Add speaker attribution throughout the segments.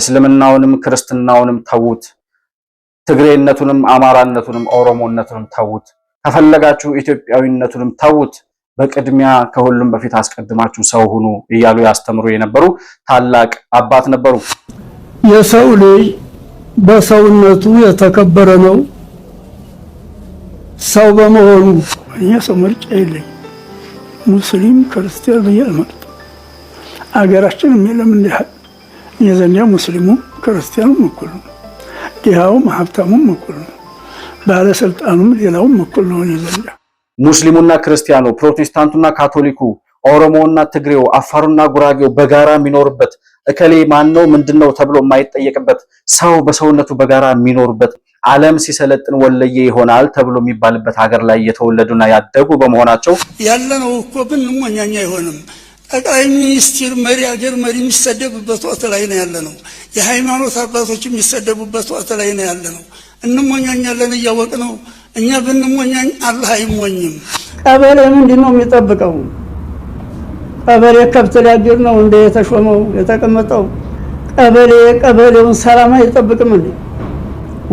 Speaker 1: እስልምናውንም ክርስትናውንም ተዉት፣ ትግሬነቱንም አማራነቱንም ኦሮሞነቱንም ተዉት፣ ከፈለጋችሁ ኢትዮጵያዊነቱንም ተዉት። በቅድሚያ ከሁሉም በፊት አስቀድማችሁ ሰው ሁኑ እያሉ ያስተምሩ የነበሩ ታላቅ አባት ነበሩ።
Speaker 2: የሰው ልጅ በሰውነቱ የተከበረ ነው። ሰው በመሆኑ እኛ ሰው ምርጫ የለኝ ሙስሊም ክርስቲያን ብዬ አልመርጥም። አገራችን የሚለም እንዲህ የዘንድያ ሙስሊሙም ክርስቲያኑም እኩል ነው። ድሃውም ሀብታሙም እኩል ነው። ባለስልጣኑም ሌላውም እኩል ነው። የዘንድያ
Speaker 1: ሙስሊሙና ክርስቲያኑ፣ ፕሮቴስታንቱና ካቶሊኩ፣ ኦሮሞውና ትግሬው፣ አፋሩና ጉራጌው በጋራ የሚኖርበት እከሌ ማን ነው ምንድን ነው ተብሎ የማይጠየቅበት ሰው በሰውነቱ በጋራ የሚኖርበት ዓለም ሲሰለጥን ወለየ ይሆናል ተብሎ የሚባልበት ሀገር ላይ የተወለዱና ያደጉ በመሆናቸው
Speaker 2: ያለነው እኮ ሞኛኛ አይሆንም። ጠቅላይ ሚኒስትር መሪ አገር መሪ የሚሰደብበት ወቅት ላይ ነው ያለ ነው። የሃይማኖት አባቶች የሚሰደቡበት ወቅት ላይ ነው ያለ ነው። እንሞኛኛለን እያወቅ ነው። እኛ ብንሞኛኝ አላህ አይሞኝም።
Speaker 3: ቀበሌ ምንድን ነው የሚጠብቀው? ቀበሌ ከብት ሊያድር ነው እንደ የተሾመው የተቀመጠው ቀበሌ ቀበሌውን ሰላም አይጠብቅም።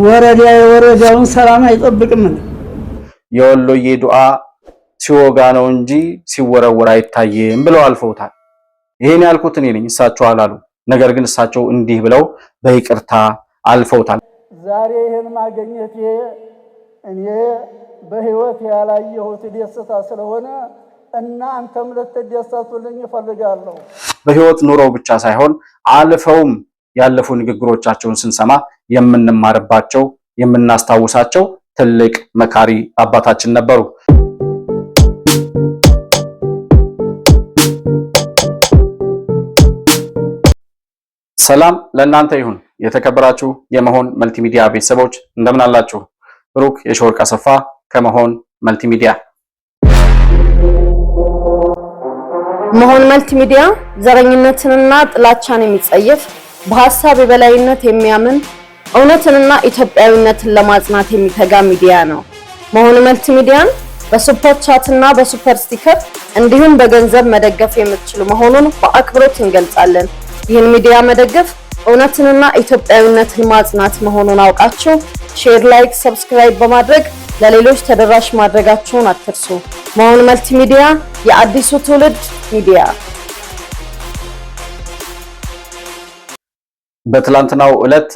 Speaker 3: ወረዳ የወረዳውን ሰላም አይጠብቅም።
Speaker 1: የወሎ የዱዓ ሲወጋ ነው እንጂ ሲወረወር አይታየም ብለው አልፈውታል። ይሄን ያልኩት እኔ ነኝ፣ እሳቸው አላሉ። ነገር ግን እሳቸው እንዲህ ብለው በይቅርታ አልፈውታል።
Speaker 4: ዛሬ ይህን ማገኘት እኔ በህይወት ያላየሁት ደስታ ስለሆነ እናንተም ልትደሰቱልኝ እፈልጋለሁ።
Speaker 1: በህይወት ኑረው ብቻ ሳይሆን አልፈውም ያለፉ ንግግሮቻቸውን ስንሰማ የምንማርባቸው የምናስታውሳቸው ትልቅ መካሪ አባታችን ነበሩ። ሰላም ለእናንተ ይሁን። የተከበራችሁ የመሆን መልቲሚዲያ ቤተሰቦች እንደምን አላችሁ? ብሩክ የሾርቅ አሰፋ ከመሆን መልቲሚዲያ።
Speaker 5: መሆን መልቲሚዲያ ዘረኝነትንና ጥላቻን የሚጸየፍ በሀሳብ የበላይነት የሚያምን እውነትንና ኢትዮጵያዊነትን ለማጽናት የሚተጋ ሚዲያ ነው። መሆን መልቲሚዲያን በሱፐር ቻትና በሱፐር ስቲከር እንዲሁም በገንዘብ መደገፍ የምትችሉ መሆኑን በአክብሮት እንገልጻለን። ይህን ሚዲያ መደገፍ እውነትንና ኢትዮጵያዊነትን ማጽናት መሆኑን አውቃችሁ ሼር፣ ላይክ፣ ሰብስክራይብ በማድረግ ለሌሎች ተደራሽ ማድረጋችሁን አትርሱ። መሆን መልቲሚዲያ የአዲሱ ትውልድ ሚዲያ።
Speaker 1: በትላንትናው ዕለት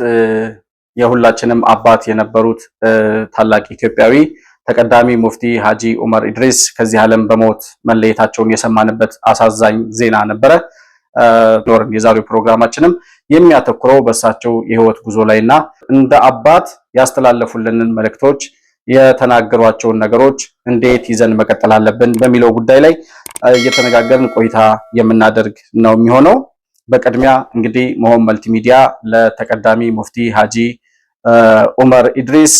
Speaker 1: የሁላችንም አባት የነበሩት ታላቅ ኢትዮጵያዊ ተቀዳሚ ሙፍቲ ሀጂ ኡመር ኢድሪስ ከዚህ ዓለም በሞት መለየታቸውን የሰማንበት አሳዛኝ ዜና ነበረ። ኖርም የዛሬው ፕሮግራማችንም የሚያተኩረው በእሳቸው የህይወት ጉዞ ላይና እንደ አባት ያስተላለፉልንን መልእክቶች የተናገሯቸውን ነገሮች እንዴት ይዘን መቀጠል አለብን በሚለው ጉዳይ ላይ እየተነጋገርን ቆይታ የምናደርግ ነው የሚሆነው። በቅድሚያ እንግዲህ መሆን መልቲሚዲያ ለተቀዳሚ ሙፍቲ ሀጂ ኡመር ኢድሪስ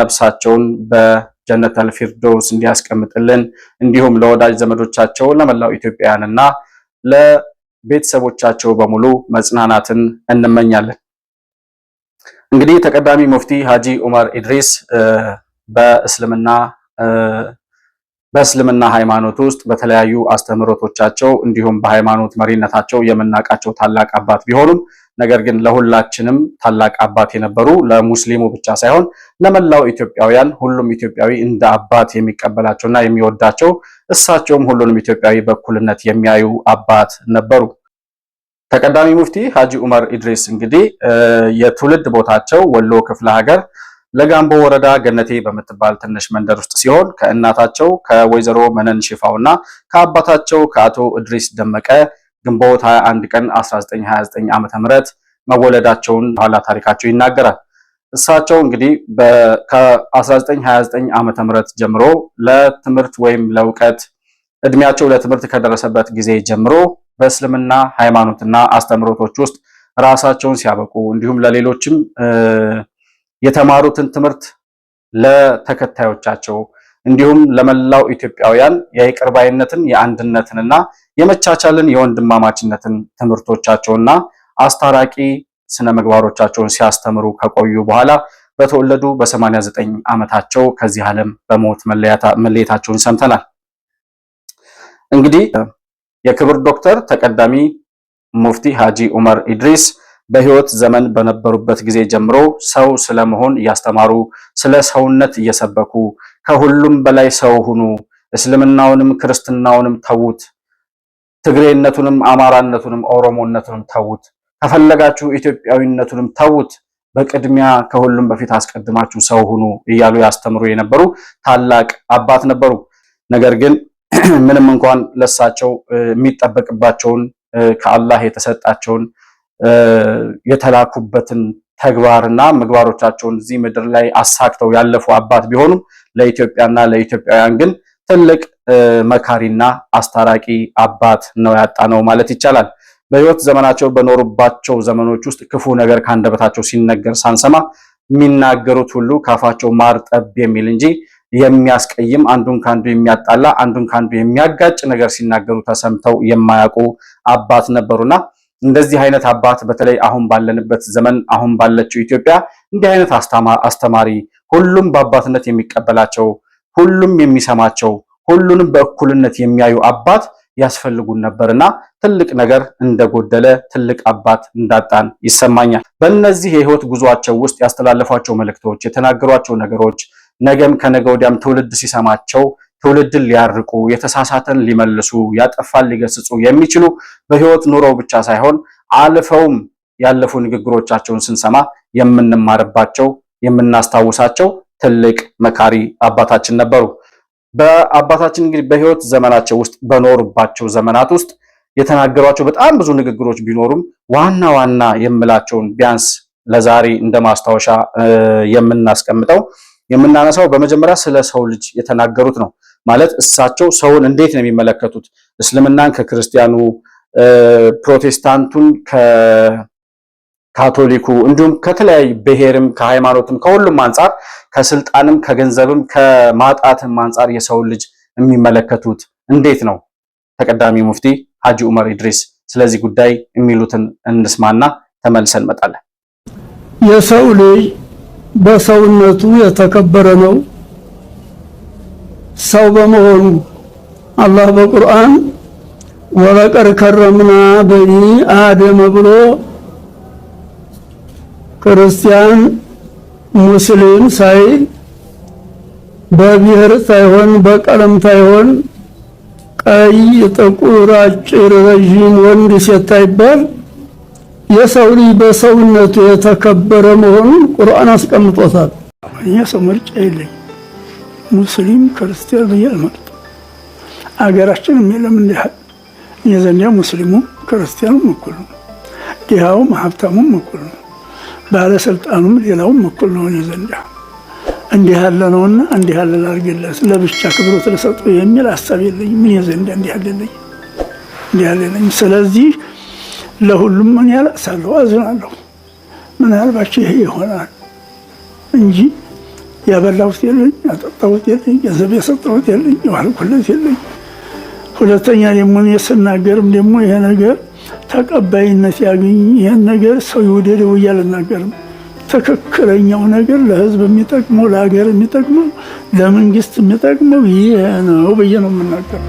Speaker 1: ነፍሳቸውን በጀነት አልፊርዶስ እንዲያስቀምጥልን እንዲሁም ለወዳጅ ዘመዶቻቸው ለመላው ኢትዮጵያውያንና ቤተሰቦቻቸው በሙሉ መጽናናትን እንመኛለን። እንግዲህ ተቀዳሚ ሙፍቲ ሀጂ ኡመር ኢድሪስ በእስልምና በእስልምና ሃይማኖት ውስጥ በተለያዩ አስተምህሮቶቻቸው እንዲሁም በሃይማኖት መሪነታቸው የምናውቃቸው ታላቅ አባት ቢሆኑም ነገር ግን ለሁላችንም ታላቅ አባት የነበሩ ለሙስሊሙ ብቻ ሳይሆን ለመላው ኢትዮጵያውያን ሁሉም ኢትዮጵያዊ እንደ አባት የሚቀበላቸውና የሚወዳቸው እሳቸውም ሁሉንም ኢትዮጵያዊ በእኩልነት የሚያዩ አባት ነበሩ። ተቀዳሚ ሙፍቲ ሀጂ ዑመር ኢድሪስ እንግዲህ የትውልድ ቦታቸው ወሎ ክፍለ ሀገር ለጋምቦ ወረዳ ገነቴ በምትባል ትንሽ መንደር ውስጥ ሲሆን ከእናታቸው ከወይዘሮ መነን ሽፋውና ከአባታቸው ከአቶ እድሪስ ደመቀ ግንቦት 21 ቀን 1929 ዓ.ም መወለዳቸውን ኋላ ታሪካቸው ይናገራል። እሳቸው እንግዲህ ከ1929 ዓ.ም ጀምሮ ለትምህርት ወይም ለእውቀት እድሜያቸው ለትምህርት ከደረሰበት ጊዜ ጀምሮ በእስልምና ሃይማኖትና አስተምህሮቶች ውስጥ ራሳቸውን ሲያበቁ እንዲሁም ለሌሎችም የተማሩትን ትምህርት ለተከታዮቻቸው እንዲሁም ለመላው ኢትዮጵያውያን የይቅርባይነትን የአንድነትንና የመቻቻልን የወንድማማችነትን ትምህርቶቻቸውና አስታራቂ ስነ ምግባሮቻቸውን ሲያስተምሩ ከቆዩ በኋላ በተወለዱ በ89 ዓመታቸው ከዚህ ዓለም በሞት መለየታቸውን ሰምተናል። እንግዲህ የክብር ዶክተር ተቀዳሚ ሙፍቲ ሀጂ ዑመር ኢድሪስ በህይወት ዘመን በነበሩበት ጊዜ ጀምሮ ሰው ስለመሆን እያስተማሩ ስለ ሰውነት እየሰበኩ ከሁሉም በላይ ሰው ሁኑ፣ እስልምናውንም ክርስትናውንም ተዉት ትግሬነቱንም አማራነቱንም ኦሮሞነቱንም ተዉት። ከፈለጋችሁ ኢትዮጵያዊነቱንም ተዉት። በቅድሚያ ከሁሉም በፊት አስቀድማችሁ ሰው ሁኑ እያሉ ያስተምሩ የነበሩ ታላቅ አባት ነበሩ። ነገር ግን ምንም እንኳን ለሳቸው የሚጠበቅባቸውን ከአላህ የተሰጣቸውን የተላኩበትን ተግባርና ምግባሮቻቸውን እዚህ ምድር ላይ አሳክተው ያለፉ አባት ቢሆኑም ለኢትዮጵያና ለኢትዮጵያውያን ግን ትልቅ መካሪና አስታራቂ አባት ነው ነው ማለት ይቻላል። በህይወት ዘመናቸው በኖሩባቸው ዘመኖች ውስጥ ክፉ ነገር ካንደበታቸው ሲነገር ሳንሰማ የሚናገሩት ሁሉ ካፋቸው ማርጠብ የሚል እንጂ የሚያስቀይም አንዱን ካንዱ የሚያጣላ አንዱን ካንዱ የሚያጋጭ ነገር ሲናገሩ ተሰምተው የማያውቁ አባት ነበሩና እንደዚህ አይነት አባት በተለይ አሁን ባለንበት ዘመን አሁን ባለችው ኢትዮጵያ እንዲህ አይነት አስተማሪ ሁሉም በአባትነት የሚቀበላቸው ሁሉም የሚሰማቸው ሁሉንም በእኩልነት የሚያዩ አባት ያስፈልጉን ነበርና ትልቅ ነገር እንደጎደለ ትልቅ አባት እንዳጣን ይሰማኛል። በእነዚህ የህይወት ጉዟቸው ውስጥ ያስተላለፏቸው መልእክቶች፣ የተናገሯቸው ነገሮች ነገም ከነገ ወዲያም ትውልድ ሲሰማቸው ትውልድን ሊያርቁ የተሳሳተን ሊመልሱ ያጠፋን ሊገስጹ የሚችሉ በህይወት ኑረው ብቻ ሳይሆን አልፈውም ያለፉ ንግግሮቻቸውን ስንሰማ የምንማርባቸው የምናስታውሳቸው ትልቅ መካሪ አባታችን ነበሩ። በአባታችን እንግዲህ በህይወት ዘመናቸው ውስጥ በኖሩባቸው ዘመናት ውስጥ የተናገሯቸው በጣም ብዙ ንግግሮች ቢኖሩም ዋና ዋና የምላቸውን ቢያንስ ለዛሬ እንደ ማስታወሻ የምናስቀምጠው የምናነሳው በመጀመሪያ ስለ ሰው ልጅ የተናገሩት ነው። ማለት እሳቸው ሰውን እንዴት ነው የሚመለከቱት? እስልምናን ከክርስቲያኑ፣ ፕሮቴስታንቱን ከካቶሊኩ እንዲሁም ከተለያዩ ብሔርም ከሃይማኖትም ከሁሉም አንጻር ከስልጣንም ከገንዘብም ከማጣትም አንጻር የሰውን ልጅ የሚመለከቱት እንዴት ነው? ተቀዳሚ ሙፍቲ ሀጂ ዑመር ኢድሪስ ስለዚህ ጉዳይ የሚሉትን እንስማና ተመልሰን እንመጣለን።
Speaker 2: የሰው ልጅ በሰውነቱ የተከበረ ነው። ሰው በመሆኑ አላህ በቁርአን ወለቀድ ከረምና በኒ አደመ ብሎ ክርስቲያን ሙስሊም ሳይ በብሔር ሳይሆን በቀለም ሳይሆን ቀይ፣ ጥቁር፣ አጭር፣ ረዥም፣ ወንድ፣ ሴት ሳይባል የሰው ልጅ በሰውነቱ የተከበረ መሆኑን ቁርአን አስቀምጦታል። እኛ ሰው ምርጫ የለኝ ሙስሊም ክርስቲያን ብዬ አልመርጥም። አገራችን የለም እንዲህ እኛ ዘንዲያ ሙስሊሙም ክርስቲያኑም እኩል ነው፣ ድሃውም ሀብታሙም እኩል ነው። ባለስልጣኑም ሌላውም እኩል ነው እኔ ዘንዳ እንዲህ ያለ ነውና እንዲህ ያለ ላድርግለት ለብቻ ክብሮ ስለሰጡ የሚል ሀሳብ የለኝ። ምን ዘንዳ እንዲህ ያለለኝ እንዲህ ያለለኝ። ስለዚህ ለሁሉም ምን ያለቅሳለሁ፣ አዝናለሁ። ምናልባቸው ይሄ ይሆናል እንጂ ያበላሁት የለኝ፣ ያጠጣሁት የለኝ፣ ገንዘብ የሰጠሁት የለኝ፣ የዋልኩለት የለኝ። ሁለተኛ ደግሞ እኔ ስናገርም ደግሞ ይሄ ነገር ተቀባይነት ያገኝ። ይህን ነገር ሰው ይውደደው አልናገርም። ትክክለኛው ነገር ለህዝብ የሚጠቅመው ለሀገር የሚጠቅመው ለመንግስት የሚጠቅመው ይህ ነው ብዬ ነው የምናገር።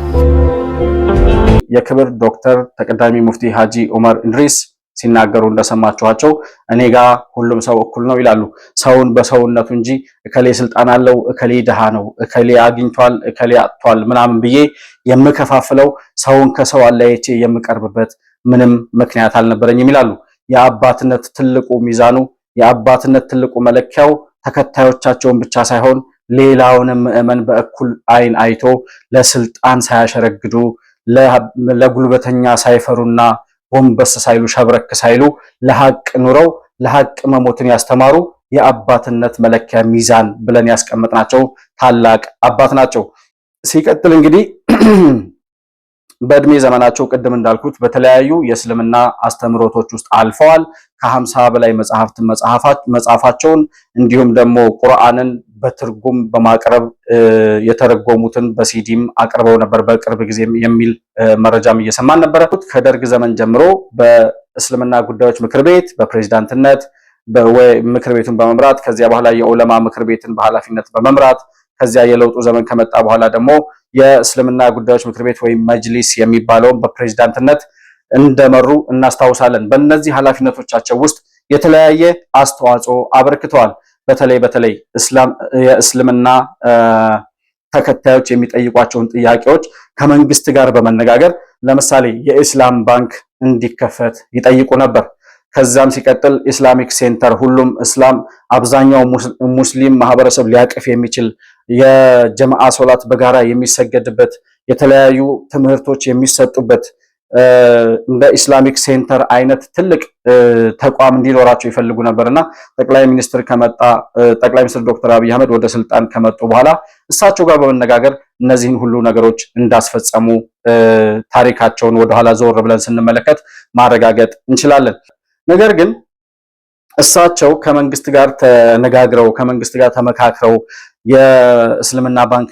Speaker 1: የክብር ዶክተር ተቀዳሚ ሙፍቲ ሀጂ ኡመር እንድሪስ ሲናገሩ እንደሰማችኋቸው እኔ ጋ ሁሉም ሰው እኩል ነው ይላሉ። ሰውን በሰውነቱ እንጂ እከሌ ስልጣን አለው፣ እከሌ ድሃ ነው፣ እከሌ አግኝቷል፣ እከሌ አጥቷል ምናምን ብዬ የምከፋፍለው ሰውን ከሰው አለያይቼ የምቀርብበት ምንም ምክንያት አልነበረኝም ይላሉ። የአባትነት ትልቁ ሚዛኑ የአባትነት ትልቁ መለኪያው ተከታዮቻቸውን ብቻ ሳይሆን ሌላውንም ምዕመን በእኩል አይን አይቶ ለስልጣን ሳያሸረግዱ ለጉልበተኛ ሳይፈሩና ጎንበስ ሳይሉ ሸብረክ ሳይሉ ለሀቅ ኑረው ለሀቅ መሞትን ያስተማሩ የአባትነት መለኪያ ሚዛን ብለን ያስቀመጥናቸው ታላቅ አባት ናቸው። ሲቀጥል እንግዲህ በእድሜ ዘመናቸው ቅድም እንዳልኩት በተለያዩ የእስልምና አስተምህሮቶች ውስጥ አልፈዋል። ከሀምሳ በላይ መጽሐፍትን መጽሐፋቸውን እንዲሁም ደግሞ ቁርአንን በትርጉም በማቅረብ የተረጎሙትን በሲዲም አቅርበው ነበር በቅርብ ጊዜ የሚል መረጃም እየሰማን ነበረ። ከደርግ ዘመን ጀምሮ በእስልምና ጉዳዮች ምክር ቤት በፕሬዚዳንትነት ምክር ቤቱን በመምራት ከዚያ በኋላ የዑለማ ምክር ቤትን በኃላፊነት በመምራት ከዚያ የለውጡ ዘመን ከመጣ በኋላ ደግሞ የእስልምና ጉዳዮች ምክር ቤት ወይም መጅሊስ የሚባለውን በፕሬዝዳንትነት እንደመሩ እናስታውሳለን። በእነዚህ ኃላፊነቶቻቸው ውስጥ የተለያየ አስተዋጽኦ አበርክተዋል። በተለይ በተለይ የእስልምና ተከታዮች የሚጠይቋቸውን ጥያቄዎች ከመንግስት ጋር በመነጋገር ለምሳሌ የኢስላም ባንክ እንዲከፈት ይጠይቁ ነበር። ከዛም ሲቀጥል ኢስላሚክ ሴንተር ሁሉም እስላም አብዛኛው ሙስሊም ማህበረሰብ ሊያቅፍ የሚችል የጀማዓ ሶላት በጋራ የሚሰገድበት የተለያዩ ትምህርቶች የሚሰጡበት እንደ ኢስላሚክ ሴንተር አይነት ትልቅ ተቋም እንዲኖራቸው ይፈልጉ ነበርና ጠቅላይ ሚኒስትር ከመጣ ጠቅላይ ሚኒስትር ዶክተር አብይ አህመድ ወደ ስልጣን ከመጡ በኋላ እሳቸው ጋር በመነጋገር እነዚህን ሁሉ ነገሮች እንዳስፈጸሙ ታሪካቸውን ወደኋላ ዞር ብለን ስንመለከት ማረጋገጥ እንችላለን። ነገር ግን እሳቸው ከመንግስት ጋር ተነጋግረው ከመንግስት ጋር ተመካክረው የእስልምና ባንክ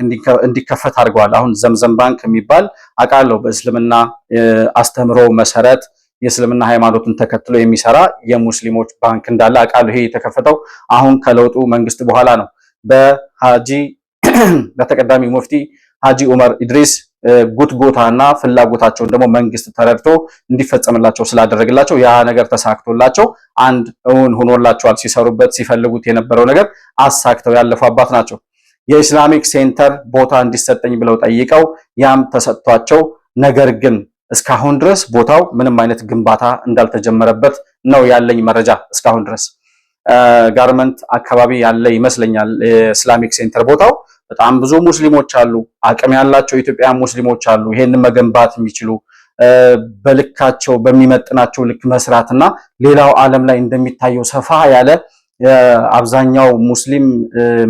Speaker 1: እንዲከፈት አድርገዋል። አሁን ዘምዘም ባንክ የሚባል አውቃለሁ። በእስልምና አስተምሮ መሰረት የእስልምና ሃይማኖትን ተከትሎ የሚሰራ የሙስሊሞች ባንክ እንዳለ አውቃለሁ። ይሄ የተከፈተው አሁን ከለውጡ መንግስት በኋላ ነው። በሃጂ በተቀዳሚ ሙፍቲ ሃጂ ኡመር ኢድሪስ ጉትጎታ እና ፍላጎታቸውን ደግሞ መንግስት ተረድቶ እንዲፈጸምላቸው ስላደረግላቸው ያ ነገር ተሳክቶላቸው አንድ እውን ሆኖላቸዋል። ሲሰሩበት ሲፈልጉት የነበረው ነገር አሳክተው ያለፉ አባት ናቸው። የኢስላሚክ ሴንተር ቦታ እንዲሰጠኝ ብለው ጠይቀው ያም ተሰጥቷቸው ነገር ግን እስካሁን ድረስ ቦታው ምንም አይነት ግንባታ እንዳልተጀመረበት ነው ያለኝ መረጃ። እስካሁን ድረስ ጋርመንት አካባቢ ያለ ይመስለኛል የኢስላሚክ ሴንተር ቦታው። በጣም ብዙ ሙስሊሞች አሉ፣ አቅም ያላቸው ኢትዮጵያ ሙስሊሞች አሉ፣ ይሄንን መገንባት የሚችሉ በልካቸው በሚመጥናቸው ልክ መስራትና ሌላው ዓለም ላይ እንደሚታየው ሰፋ ያለ አብዛኛው ሙስሊም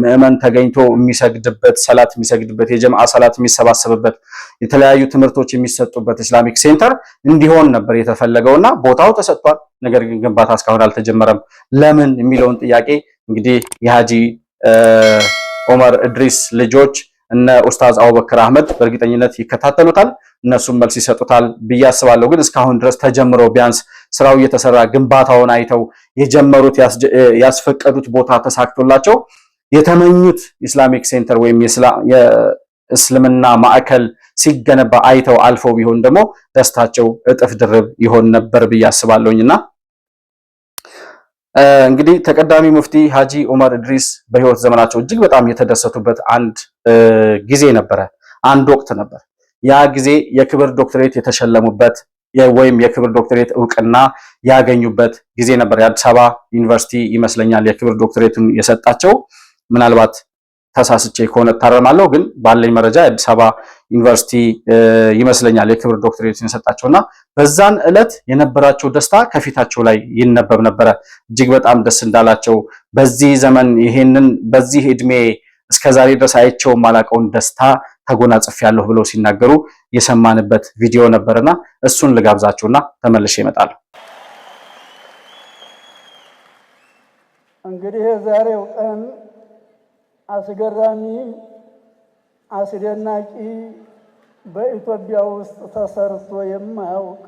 Speaker 1: ምዕመን ተገኝቶ የሚሰግድበት ሰላት የሚሰግድበት የጀምዓ ሰላት የሚሰባሰብበት የተለያዩ ትምህርቶች የሚሰጡበት ኢስላሚክ ሴንተር እንዲሆን ነበር የተፈለገው እና ቦታው ተሰጥቷል። ነገር ግን ግንባታ እስካሁን አልተጀመረም። ለምን የሚለውን ጥያቄ እንግዲህ የሀጂ ኦመር እድሪስ ልጆች እነ ኡስታዝ አቡበክር አህመድ በእርግጠኝነት ይከታተሉታል፣ እነሱም መልስ ይሰጡታል ብዬ አስባለሁ። ግን እስካሁን ድረስ ተጀምሮ ቢያንስ ስራው እየተሰራ ግንባታውን አይተው የጀመሩት ያስፈቀዱት ቦታ ተሳክቶላቸው የተመኙት ኢስላሚክ ሴንተር ወይም የእስልምና ማዕከል ሲገነባ አይተው አልፎ ቢሆን ደግሞ ደስታቸው እጥፍ ድርብ ይሆን ነበር ብዬ አስባለሁኝና እንግዲህ ተቀዳሚ ሙፍቲ ሀጂ ኡመር እድሪስ በህይወት ዘመናቸው እጅግ በጣም የተደሰቱበት አንድ ጊዜ ነበረ፣ አንድ ወቅት ነበር። ያ ጊዜ የክብር ዶክትሬት የተሸለሙበት ወይም የክብር ዶክትሬት እውቅና ያገኙበት ጊዜ ነበር። የአዲስ አበባ ዩኒቨርሲቲ ይመስለኛል የክብር ዶክትሬቱን የሰጣቸው ምናልባት ተሳስቼ ከሆነ እታረማለሁ። ግን ባለኝ መረጃ የአዲስ አበባ ዩኒቨርሲቲ ይመስለኛል የክብር ዶክትሬትን እና በዛን ዕለት የነበራቸው ደስታ ከፊታቸው ላይ ይነበብ ነበረ። እጅግ በጣም ደስ እንዳላቸው በዚህ ዘመን ይሄንን በዚህ እድሜ እስከዛሬ ድረስ አይቼው ማላቀውን ደስታ ያለሁ ብለው ሲናገሩ የሰማንበት ቪዲዮ ነበርና እሱን ልጋብዛችሁና ተመልሼ ይመጣል።
Speaker 4: እንግዲህ የዛሬው ቀን አስገራሚ፣ አስደናቂ በኢትዮጵያ ውስጥ ተሰርቶ የማያውቅ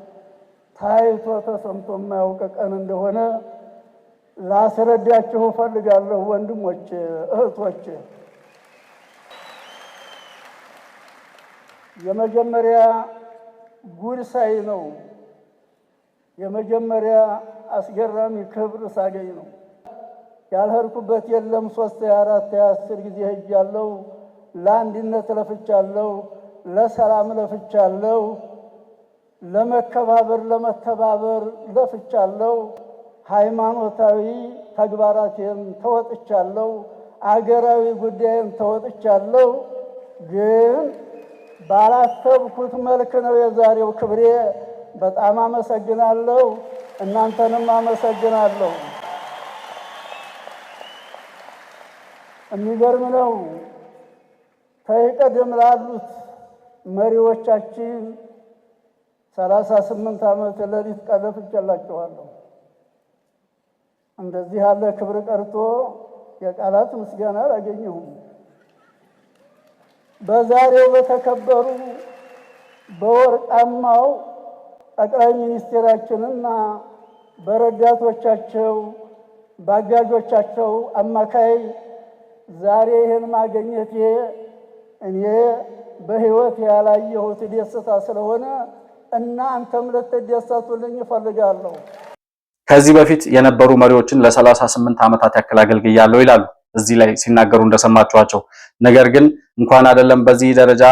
Speaker 4: ታይቶ ተሰምቶ የማያውቅ ቀን እንደሆነ ላስረዳችሁ እፈልጋለሁ። ወንድሞች እህቶች፣ የመጀመሪያ ጉድሳይ ነው። የመጀመሪያ አስገራሚ ክብር ሳገኝ ነው። ያልሄድኩበት የለም። ሶስት የአራት የአስር ጊዜ ሄጃለሁ። ለአንድነት ለፍቻለሁ፣ ለሰላም ለፍቻለሁ፣ ለመከባበር ለመተባበር ለፍቻለሁ። ሃይማኖታዊ ተግባራቴን ተወጥቻለሁ፣ አገራዊ ጉዳይን ተወጥቻለሁ። ግን ባላሰብኩት መልክ ነው የዛሬው ክብሬ። በጣም አመሰግናለሁ። እናንተንም አመሰግናለሁ። የሚገርም ነው። ላሉት መሪዎቻችን ሰላሳ ስምንት ዓመት ሌሊት ቀን ለፍቼላችኋለሁ። እንደዚህ ያለ ክብር ቀርቶ የቃላት ምስጋና አላገኘሁም። በዛሬው በተከበሩ በወርቃማው ጠቅላይ ሚኒስቴራችንና በረዳቶቻቸው በአጋዦቻቸው አማካይ ዛሬ ይህን ማገኘቴ እኔ በሕይወት ያላየሁት ደስታ ስለሆነ እናንተም ልትደሰቱልኝ እፈልጋለሁ።
Speaker 1: ከዚህ በፊት የነበሩ መሪዎችን ለሰላሳ ስምንት ዓመታት ያክል አገልግያለሁ ይላሉ እዚህ ላይ ሲናገሩ እንደሰማችኋቸው። ነገር ግን እንኳን አይደለም በዚህ ደረጃ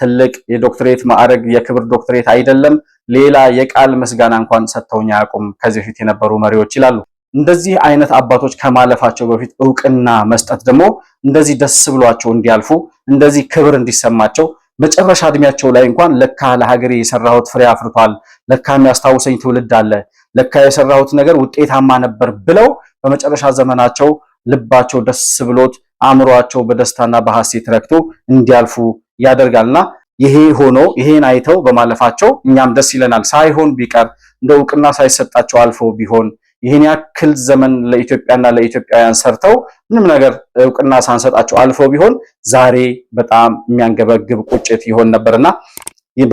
Speaker 1: ትልቅ የዶክትሬት ማዕረግ የክብር ዶክትሬት አይደለም ሌላ የቃል ምስጋና እንኳን ሰጥተውኝ አያውቁም ከዚህ በፊት የነበሩ መሪዎች ይላሉ። እንደዚህ አይነት አባቶች ከማለፋቸው በፊት እውቅና መስጠት ደግሞ እንደዚህ ደስ ብሏቸው እንዲያልፉ እንደዚህ ክብር እንዲሰማቸው መጨረሻ እድሜያቸው ላይ እንኳን ለካ ለሀገሬ የሰራሁት ፍሬ አፍርቷል፣ ለካ የሚያስታውሰኝ ትውልድ አለ፣ ለካ የሰራሁት ነገር ውጤታማ ነበር ብለው በመጨረሻ ዘመናቸው ልባቸው ደስ ብሎት አእምሯቸው በደስታና በሐሴት ረክቶ እንዲያልፉ ያደርጋልና ይሄ ሆኖ ይሄን አይተው በማለፋቸው እኛም ደስ ይለናል። ሳይሆን ቢቀር እንደ እውቅና ሳይሰጣቸው አልፎ ቢሆን ይህን ያክል ዘመን ለኢትዮጵያና ለኢትዮጵያውያን ሰርተው ምንም ነገር እውቅና ሳንሰጣቸው አልፎ ቢሆን ዛሬ በጣም የሚያንገበግብ ቁጭት ይሆን ነበርና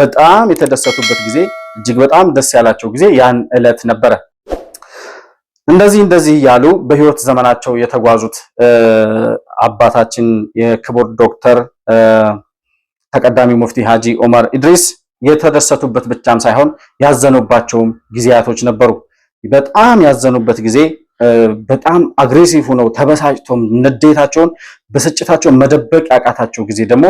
Speaker 1: በጣም የተደሰቱበት ጊዜ፣ እጅግ በጣም ደስ ያላቸው ጊዜ ያን ዕለት ነበረ። እንደዚህ እንደዚህ እያሉ በህይወት ዘመናቸው የተጓዙት አባታችን የክቡር ዶክተር ተቀዳሚ ሙፍቲ ሀጂ ኦመር ኢድሪስ የተደሰቱበት ብቻም ሳይሆን ያዘኑባቸውም ጊዜያቶች ነበሩ። በጣም ያዘኑበት ጊዜ በጣም አግሬሲቭ ሆነው ተበሳጭተው ንዴታቸውን ብስጭታቸውን መደበቅ ያቃታቸው ጊዜ ደግሞ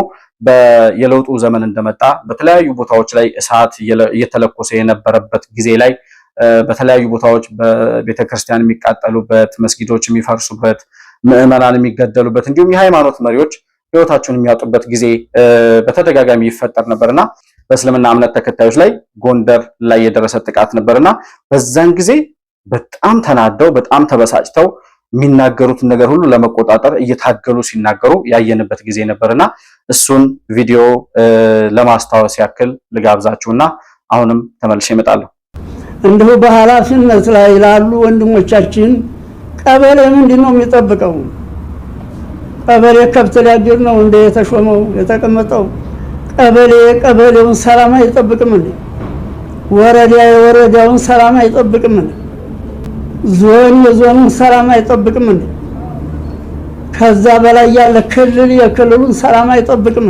Speaker 1: የለውጡ ዘመን እንደመጣ በተለያዩ ቦታዎች ላይ እሳት እየተለኮሰ የነበረበት ጊዜ ላይ በተለያዩ ቦታዎች በቤተክርስቲያን የሚቃጠሉበት፣ መስጊዶች የሚፈርሱበት፣ ምዕመናን የሚገደሉበት እንዲሁም የሃይማኖት መሪዎች ህይወታቸውን የሚያጡበት ጊዜ በተደጋጋሚ ይፈጠር ነበርና በእስልምና እምነት ተከታዮች ላይ ጎንደር ላይ የደረሰ ጥቃት ነበርና በዛን ጊዜ በጣም ተናደው በጣም ተበሳጭተው የሚናገሩትን ነገር ሁሉ ለመቆጣጠር እየታገሉ ሲናገሩ ያየንበት ጊዜ ነበርና እሱን ቪዲዮ ለማስታወስ ያክል ልጋብዛችሁና አሁንም ተመልሼ እመጣለሁ።
Speaker 3: እንዲሁ በኃላፊነት ላይ ላሉ ወንድሞቻችን ቀበሌ ምንድን ነው የሚጠብቀው? ቀበሌ ከብት ሊያድር ነው እንደ የተሾመው የተቀመጠው ቀበሌ የቀበሌውን ሰላም አይጠብቅም ወረዳ የወረዳውን ሰላም አይጠብቅም ዞን የዞኑን ሰላም አይጠብቅም ከዛ በላይ ያለ ክልል የክልሉን ሰላም አይጠብቅም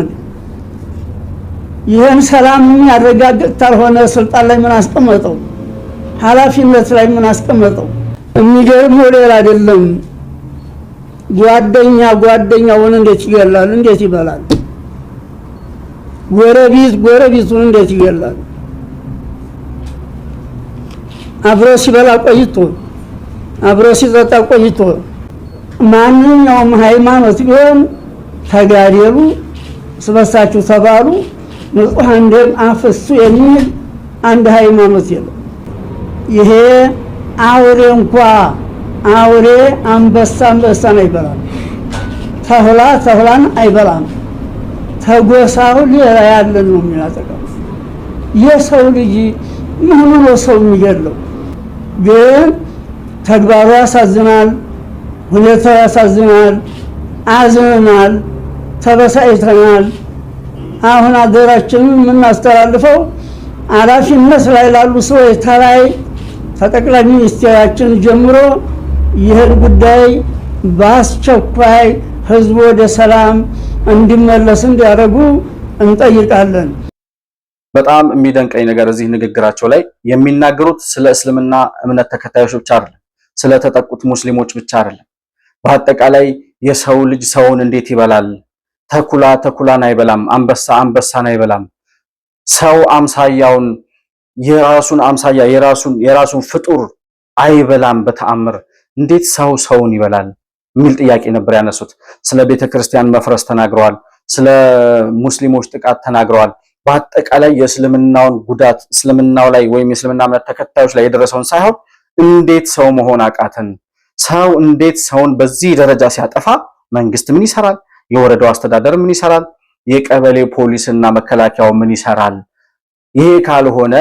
Speaker 3: ይህን ሰላም የሚያረጋግጥ ካልሆነ ስልጣን ላይ ምን አስቀመጠው? ኃላፊነት ላይ ምን አስቀመጠው? የሚገርመው ሌላ አይደለም። ጓደኛ ጓደኛውን እንዴት ይገላል? እንዴት ይበላል? ጎረቤት ጎረቤቱን እንዴት ይገላል? አብሮ ሲበላ ቆይቶ አብሮ ሲጠጣ ቆይቶ ማንኛውም ሃይማኖት ቢሆን ተጋደሉ፣ ስበሳችሁ ተባሉ፣ ንጹሐን ደም አፍሱ የሚል አንድ ሃይማኖት የለም። ይሄ አውሬ እንኳ አውሬ አንበሳ አንበሳን አይበላም፣ ተሁላ ተሁላን አይበላም። ተጎሳው ሌላ ያለ ነው የሚያጠቃው። የሰው ልጅ ምን ሆኖ ሰው የሚገድለው? ግን ተግባሩ ያሳዝናል፣ ሁኔታው ያሳዝናል። አዝነናል፣ ተበሳጭተናል። አሁን አገራችንን የምናስተላልፈው ኃላፊነት ላይ ላሉ ሰዎች ተላይ ከጠቅላይ ሚኒስቴራችን ጀምሮ ይህን ጉዳይ በአስቸኳይ ህዝቡ ወደ ሰላም እንዲመለስ እንዲያደርጉ እንጠይቃለን።
Speaker 1: በጣም የሚደንቀኝ ነገር እዚህ ንግግራቸው ላይ የሚናገሩት ስለ እስልምና እምነት ተከታዮች ብቻ አይደለም፣ ስለተጠቁት ሙስሊሞች ብቻ አይደለም። በአጠቃላይ የሰው ልጅ ሰውን እንዴት ይበላል? ተኩላ ተኩላን አይበላም፣ አንበሳ አንበሳን አይበላም። ሰው አምሳያውን የራሱን አምሳያ የራሱን የራሱን ፍጡር አይበላም። በተአምር እንዴት ሰው ሰውን ይበላል? የሚል ጥያቄ ነበር ያነሱት። ስለ ቤተ ክርስቲያን መፍረስ ተናግረዋል። ስለ ሙስሊሞች ጥቃት ተናግረዋል። በአጠቃላይ የእስልምናውን ጉዳት እስልምናው ላይ ወይም የእስልምና እምነት ተከታዮች ላይ የደረሰውን ሳይሆን እንዴት ሰው መሆን አቃተን፣ ሰው እንዴት ሰውን በዚህ ደረጃ ሲያጠፋ መንግስት ምን ይሰራል? የወረዳው አስተዳደር ምን ይሰራል? የቀበሌ ፖሊስና መከላከያው ምን ይሰራል? ይሄ ካልሆነ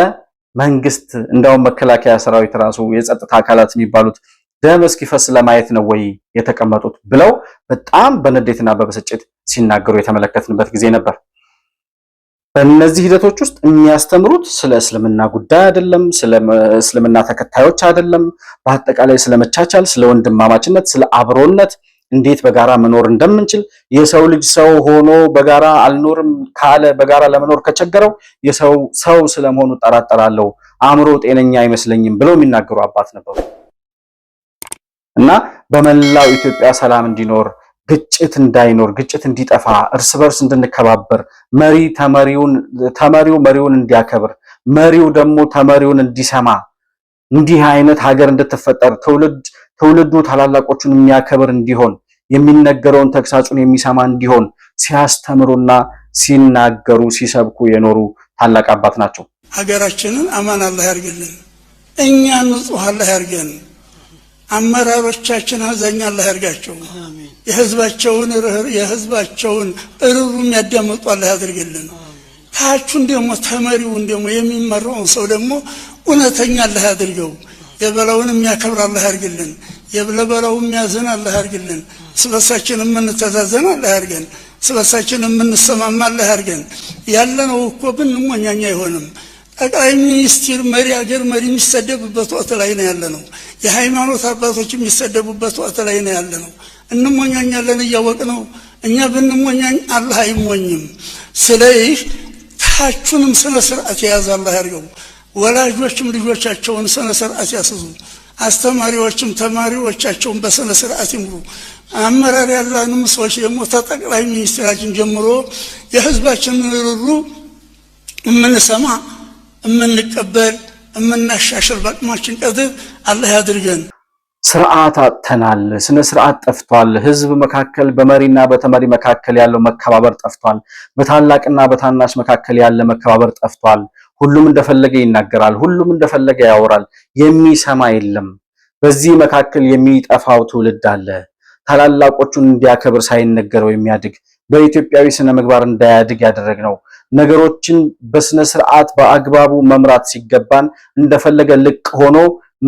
Speaker 1: መንግስት እንዳውም መከላከያ ሰራዊት ራሱ የጸጥታ አካላት የሚባሉት ደም እስኪፈስ ለማየት ነው ወይ የተቀመጡት ብለው በጣም በንዴትና በብስጭት ሲናገሩ የተመለከትንበት ጊዜ ነበር። በእነዚህ ሂደቶች ውስጥ የሚያስተምሩት ስለ እስልምና ጉዳይ አይደለም፣ ስለ እስልምና ተከታዮች አይደለም። በአጠቃላይ ስለ መቻቻል፣ ስለ ወንድማማችነት፣ ስለ አብሮነት እንዴት በጋራ መኖር እንደምንችል የሰው ልጅ ሰው ሆኖ በጋራ አልኖርም ካለ በጋራ ለመኖር ከቸገረው የሰው ሰው ስለመሆኑ ጠራጠራለሁ፣ አእምሮ ጤነኛ አይመስለኝም ብለው የሚናገሩ አባት ነበሩ። እና በመላው ኢትዮጵያ ሰላም እንዲኖር ግጭት እንዳይኖር ግጭት እንዲጠፋ እርስ በርስ እንድንከባበር መሪ ተመሪውን ተመሪው መሪውን እንዲያከብር መሪው ደግሞ ተመሪውን እንዲሰማ እንዲህ አይነት ሀገር እንድትፈጠር ትውልድ ትውልዱ ታላላቆቹን የሚያከብር እንዲሆን የሚነገረውን ተግሳጹን የሚሰማ እንዲሆን ሲያስተምሩና ሲናገሩ ሲሰብኩ የኖሩ ታላቅ አባት ናቸው።
Speaker 2: ሀገራችንን አማን አላህ ያርግልን፣ እኛን ንጹህ አላህ ያርገን። አመራሮቻችን አብዛኛ አላህ ያርጋቸው። የህዝባቸውን ርህር የህዝባቸውን እርሩ የሚያዳምጡ አላህ ያድርግልን። ታቹን ደግሞ ተመሪውን ደግሞ የሚመራውን ሰው ደግሞ እውነተኛ አላህ ያድርገው። የበላውን የሚያከብር አላህ ያርግልን። የለበላው የሚያዝን አላህ ያርግልን። ስበሳችን የምንተዛዘን አላህ ያርገን። ስበሳችን የምንሰማማ አላህ ያርገን። ያለነው እኮ ብንሞኛኛ አይሆንም። ጠቅላይ ሚኒስትር መሪ አገር መሪ የሚሰደብበት ወቅት ላይ ነው ያለነው። የሃይማኖት አባቶች የሚሰደቡበት ወቅት ላይ ነው ያለ ነው። እንሞኛኛለን እያወቅ ነው እኛ ብንሞኛኝ አላህ አይሞኝም። ስለይህ ታቹንም ስነ ስርዓት የያዘ አላህ ያርገው። ወላጆችም ልጆቻቸውን ስነ ስርዓት ያስዙ። አስተማሪዎችም ተማሪዎቻቸውን በስነ ስርዓት ይምሩ። አመራር ያላንም ሰዎች ደግሞ ተጠቅላይ ሚኒስትራችን ጀምሮ የህዝባችንን ርሩ የምንሰማ የምንቀበል የምናሻሽል በአቅማችን ቀትብ አላህ ያድርገን።
Speaker 1: ስርዓት አጥተናል። ስነ ስርዓት ጠፍቷል። ህዝብ መካከል በመሪና በተመሪ መካከል ያለው መከባበር ጠፍቷል። በታላቅና በታናሽ መካከል ያለ መከባበር ጠፍቷል። ሁሉም እንደፈለገ ይናገራል። ሁሉም እንደፈለገ ያወራል። የሚሰማ የለም። በዚህ መካከል የሚጠፋው ትውልድ አለ። ታላላቆቹን እንዲያከብር ሳይነገረው የሚያድግ በኢትዮጵያዊ ስነ ምግባር እንዳያድግ ያደረግነው ነገሮችን በስነ ስርዓት በአግባቡ መምራት ሲገባን እንደፈለገ ልቅ ሆኖ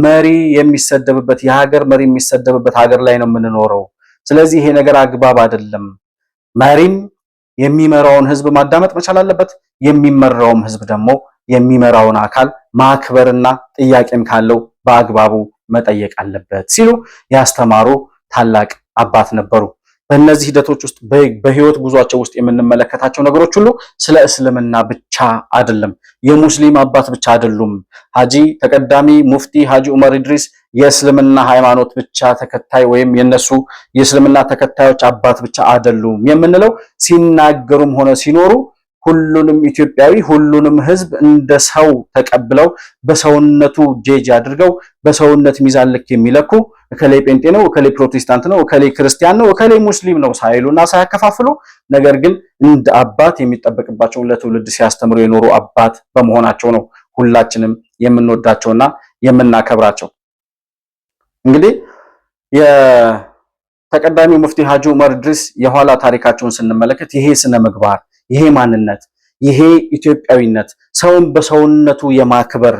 Speaker 1: መሪ የሚሰደብበት የሀገር መሪ የሚሰደብበት ሀገር ላይ ነው የምንኖረው። ስለዚህ ይሄ ነገር አግባብ አይደለም። መሪም የሚመራውን ህዝብ ማዳመጥ መቻል አለበት። የሚመራውም ህዝብ ደግሞ የሚመራውን አካል ማክበርና ጥያቄም ካለው በአግባቡ መጠየቅ አለበት ሲሉ ያስተማሩ ታላቅ አባት ነበሩ። በእነዚህ ሂደቶች ውስጥ በህይወት ጉዟቸው ውስጥ የምንመለከታቸው ነገሮች ሁሉ ስለ እስልምና ብቻ አይደለም። የሙስሊም አባት ብቻ አይደሉም። ሀጂ ተቀዳሚ ሙፍቲ ሀጂ ዑመር ኢድሪስ የእስልምና ሃይማኖት ብቻ ተከታይ ወይም የነሱ የእስልምና ተከታዮች አባት ብቻ አይደሉም የምንለው ሲናገሩም ሆነ ሲኖሩ ሁሉንም ኢትዮጵያዊ ሁሉንም ህዝብ እንደ ሰው ተቀብለው በሰውነቱ ጄጅ አድርገው በሰውነት ሚዛን ልክ የሚለኩ እከሌ ጴንጤ ነው፣ እከሌ ፕሮቴስታንት ነው፣ እከሌ ክርስቲያን ነው፣ እከሌ ሙስሊም ነው ሳይሉና ሳያከፋፍሉ ነገር ግን እንደ አባት የሚጠበቅባቸውን ለትውልድ ሲያስተምሩ የኖሩ አባት በመሆናቸው ነው ሁላችንም የምንወዳቸውና የምናከብራቸው። እንግዲህ የተቀዳሚው ሙፍቲ ሀጂ ዑመር ኢድሪስ የኋላ ታሪካቸውን ስንመለከት ይሄ ስነ ምግባር ይሄ ማንነት ይሄ ኢትዮጵያዊነት ሰውን በሰውነቱ የማክበር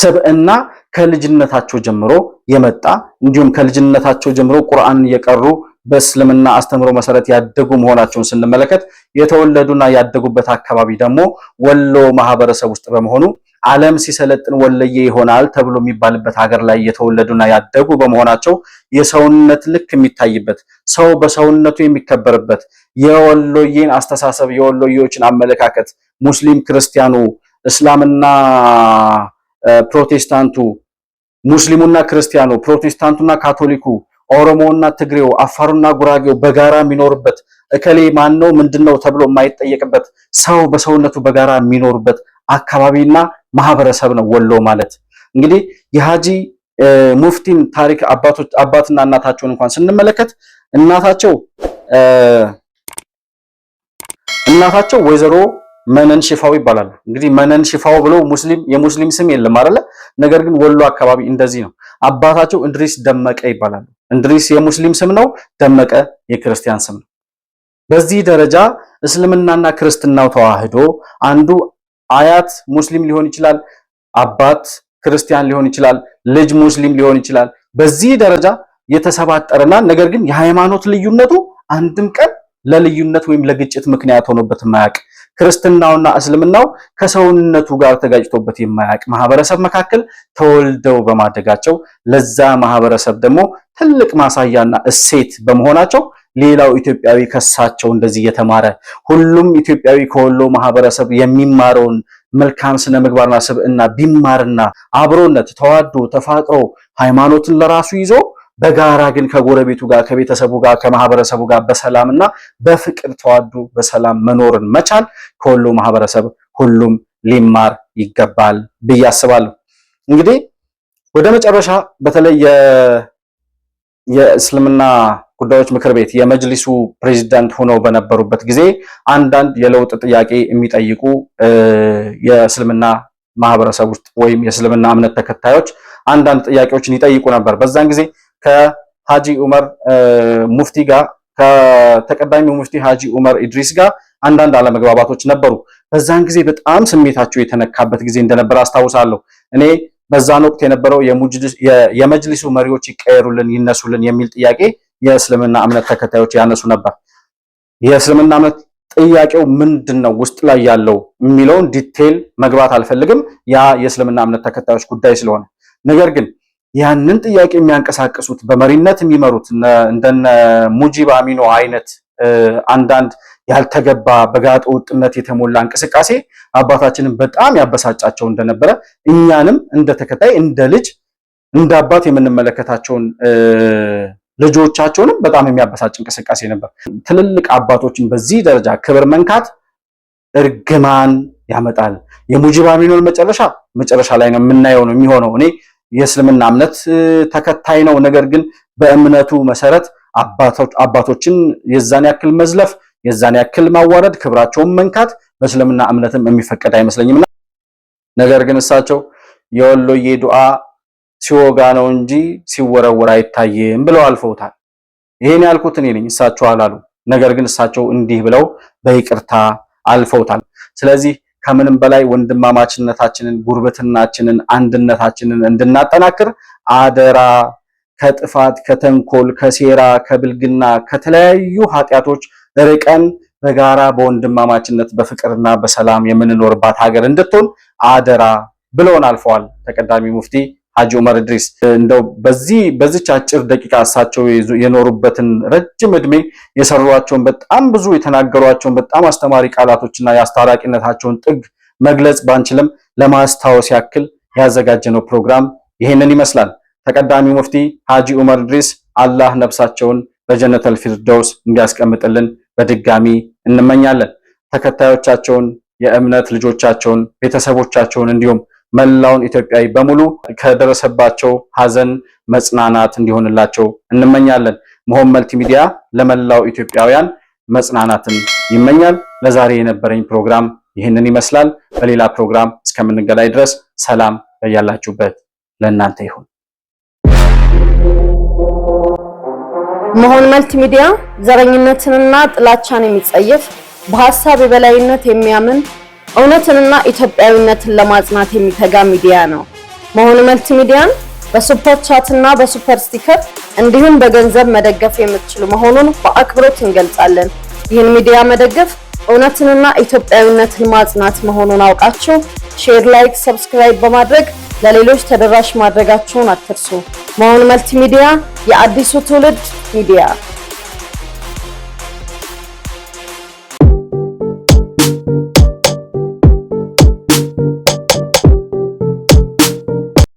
Speaker 1: ስብዕና ከልጅነታቸው ጀምሮ የመጣ እንዲሁም ከልጅነታቸው ጀምሮ ቁርአን የቀሩ በእስልምና አስተምሮ መሰረት ያደጉ መሆናቸውን ስንመለከት የተወለዱና ያደጉበት አካባቢ ደግሞ ወሎ ማህበረሰብ ውስጥ በመሆኑ ዓለም ሲሰለጥን ወለየ ይሆናል ተብሎ የሚባልበት ሀገር ላይ የተወለዱና ያደጉ በመሆናቸው የሰውነት ልክ የሚታይበት ሰው በሰውነቱ የሚከበርበት የወሎዬን አስተሳሰብ የወሎዬዎችን አመለካከት ሙስሊም ክርስቲያኑ፣ እስላምና ፕሮቴስታንቱ፣ ሙስሊሙና ክርስቲያኑ፣ ፕሮቴስታንቱና ካቶሊኩ፣ ኦሮሞውና ትግሬው፣ አፋሩና ጉራጌው በጋራ የሚኖርበት እከሌ ማን ነው ምንድነው ተብሎ የማይጠየቅበት ሰው በሰውነቱ በጋራ የሚኖርበት አካባቢና ማህበረሰብ ነው ወሎ ማለት። እንግዲህ የሃጂ ሙፍቲን ታሪክ አባትና እናታቸውን እንኳን ስንመለከት እናታቸው እናታቸው ወይዘሮ መነን ሽፋው ይባላሉ። እንግዲህ መነን ሽፋው ብሎ ሙስሊም የሙስሊም ስም የለም አይደለ? ነገር ግን ወሎ አካባቢ እንደዚህ ነው። አባታቸው እንድሪስ ደመቀ ይባላሉ። እንድሪስ የሙስሊም ስም ነው፣ ደመቀ የክርስቲያን ስም ነው። በዚህ ደረጃ እስልምናና ክርስትናው ተዋህዶ አንዱ አያት ሙስሊም ሊሆን ይችላል፣ አባት ክርስቲያን ሊሆን ይችላል፣ ልጅ ሙስሊም ሊሆን ይችላል። በዚህ ደረጃ የተሰባጠረና ነገር ግን የሃይማኖት ልዩነቱ አንድም ቀን ለልዩነት ወይም ለግጭት ምክንያት ሆኖበት የማያውቅ ክርስትናውና እስልምናው ከሰውነቱ ጋር ተጋጭቶበት የማያውቅ ማህበረሰብ መካከል ተወልደው በማደጋቸው ለዛ ማህበረሰብ ደግሞ ትልቅ ማሳያና እሴት በመሆናቸው ሌላው ኢትዮጵያዊ ከሳቸው እንደዚህ እየተማረ ሁሉም ኢትዮጵያዊ ከወሎ ማህበረሰብ የሚማረውን መልካም ስነ ምግባርና ስብዕና ቢማርና አብሮነት፣ ተዋዶ፣ ተፋቅሮ ሃይማኖትን ለራሱ ይዞ በጋራ ግን ከጎረቤቱ ጋር ከቤተሰቡ ጋር ከማህበረሰቡ ጋር በሰላምና በፍቅር ተዋዶ በሰላም መኖርን መቻል ከወሎ ማህበረሰብ ሁሉም ሊማር ይገባል ብዬ አስባለሁ። እንግዲህ ወደ መጨረሻ በተለይ የእስልምና ጉዳዮች ምክር ቤት የመጅሊሱ ፕሬዚዳንት ሆነው በነበሩበት ጊዜ አንዳንድ የለውጥ ጥያቄ የሚጠይቁ የእስልምና ማህበረሰብ ውስጥ ወይም የእስልምና እምነት ተከታዮች አንዳንድ ጥያቄዎችን ይጠይቁ ነበር። በዛን ጊዜ ከሃጂ ዑመር ሙፍቲ ጋር ከተቀዳሚው ሙፍቲ ሃጂ ዑመር ኢድሪስ ጋር አንዳንድ አለመግባባቶች ነበሩ። በዛን ጊዜ በጣም ስሜታቸው የተነካበት ጊዜ እንደነበር አስታውሳለሁ። እኔ በዛን ወቅት የነበረው የመጅሊሱ መሪዎች ይቀየሩልን፣ ይነሱልን የሚል ጥያቄ የእስልምና እምነት ተከታዮች ያነሱ ነበር። የእስልምና እምነት ጥያቄው ምንድን ነው ውስጥ ላይ ያለው የሚለውን ዲቴይል መግባት አልፈልግም፣ ያ የእስልምና እምነት ተከታዮች ጉዳይ ስለሆነ። ነገር ግን ያንን ጥያቄ የሚያንቀሳቅሱት በመሪነት የሚመሩት እንደነ ሙጂብ አሚኖ አይነት አንዳንድ ያልተገባ በጋጠ ወጥነት የተሞላ እንቅስቃሴ አባታችንን በጣም ያበሳጫቸው እንደነበረ እኛንም እንደ ተከታይ እንደ ልጅ እንደ አባት የምንመለከታቸውን ልጆቻቸውንም በጣም የሚያበሳጭ እንቅስቃሴ ነበር። ትልልቅ አባቶችን በዚህ ደረጃ ክብር መንካት እርግማን ያመጣል። የሙጅባ ሚኖል መጨረሻ መጨረሻ ላይ ነው የምናየው ነው የሚሆነው። እኔ የእስልምና እምነት ተከታይ ነው፣ ነገር ግን በእምነቱ መሰረት አባቶችን የዛን ያክል መዝለፍ፣ የዛን ያክል ማዋረድ፣ ክብራቸውን መንካት በእስልምና እምነትም የሚፈቀድ አይመስለኝም። ነገር ግን እሳቸው የወሎዬ ዱዓ ሲወጋ ነው እንጂ ሲወረወር አይታየም ብለው አልፈውታል። ይሄን ያልኩት እኔ ነኝ፣ እሳቸው አላሉ። ነገር ግን እሳቸው እንዲህ ብለው በይቅርታ አልፈውታል። ስለዚህ ከምንም በላይ ወንድማማችነታችንን፣ ጉርብትናችንን፣ አንድነታችንን እንድናጠናክር አደራ ከጥፋት ከተንኮል ከሴራ ከብልግና ከተለያዩ ኃጢአቶች ርቀን በጋራ በወንድማማችነት በፍቅርና በሰላም የምንኖርባት ሀገር እንድትሆን አደራ ብለውን አልፈዋል ተቀዳሚ ሙፍቲ ሀጂ ኡመር እድሪስ እንደው በዚህ በዚች አጭር ደቂቃ እሳቸው የኖሩበትን ረጅም እድሜ የሰሯቸውን በጣም ብዙ የተናገሯቸውን በጣም አስተማሪ ቃላቶችና የአስታራቂነታቸውን ጥግ መግለጽ ባንችልም ለማስታወስ ያክል ያዘጋጀነው ፕሮግራም ይሄንን ይመስላል። ተቀዳሚው ሙፍቲ ሀጂ ኡመር እድሪስ አላህ ነፍሳቸውን በጀነተል ፊርደውስ እንዲያስቀምጥልን በድጋሚ እንመኛለን። ተከታዮቻቸውን፣ የእምነት ልጆቻቸውን፣ ቤተሰቦቻቸውን እንዲሁም መላውን ኢትዮጵያዊ በሙሉ ከደረሰባቸው ሀዘን መጽናናት እንዲሆንላቸው እንመኛለን። መሆን መልቲሚዲያ ለመላው ኢትዮጵያውያን መጽናናትን ይመኛል። ለዛሬ የነበረኝ ፕሮግራም ይህንን ይመስላል። በሌላ ፕሮግራም እስከምንገላይ ድረስ ሰላም በያላችሁበት ለእናንተ ይሁን።
Speaker 5: መሆን መልቲሚዲያ ዘረኝነትንና ጥላቻን የሚጸየፍ በሀሳብ የበላይነት የሚያምን እውነትንና ኢትዮጵያዊነትን ለማጽናት የሚተጋ ሚዲያ ነው። ሞኑመንት ሚዲያን በሱፐር ቻት እና በሱፐር ስቲከር እንዲሁም በገንዘብ መደገፍ የምትችሉ መሆኑን በአክብሮት እንገልጻለን። ይህን ሚዲያ መደገፍ እውነትንና ኢትዮጵያዊነትን ማጽናት መሆኑን አውቃችሁ ሼር፣ ላይክ፣ ሰብስክራይብ በማድረግ ለሌሎች ተደራሽ ማድረጋችሁን አትርሱ። መሆን መልቲ ሚዲያ የአዲሱ ትውልድ ሚዲያ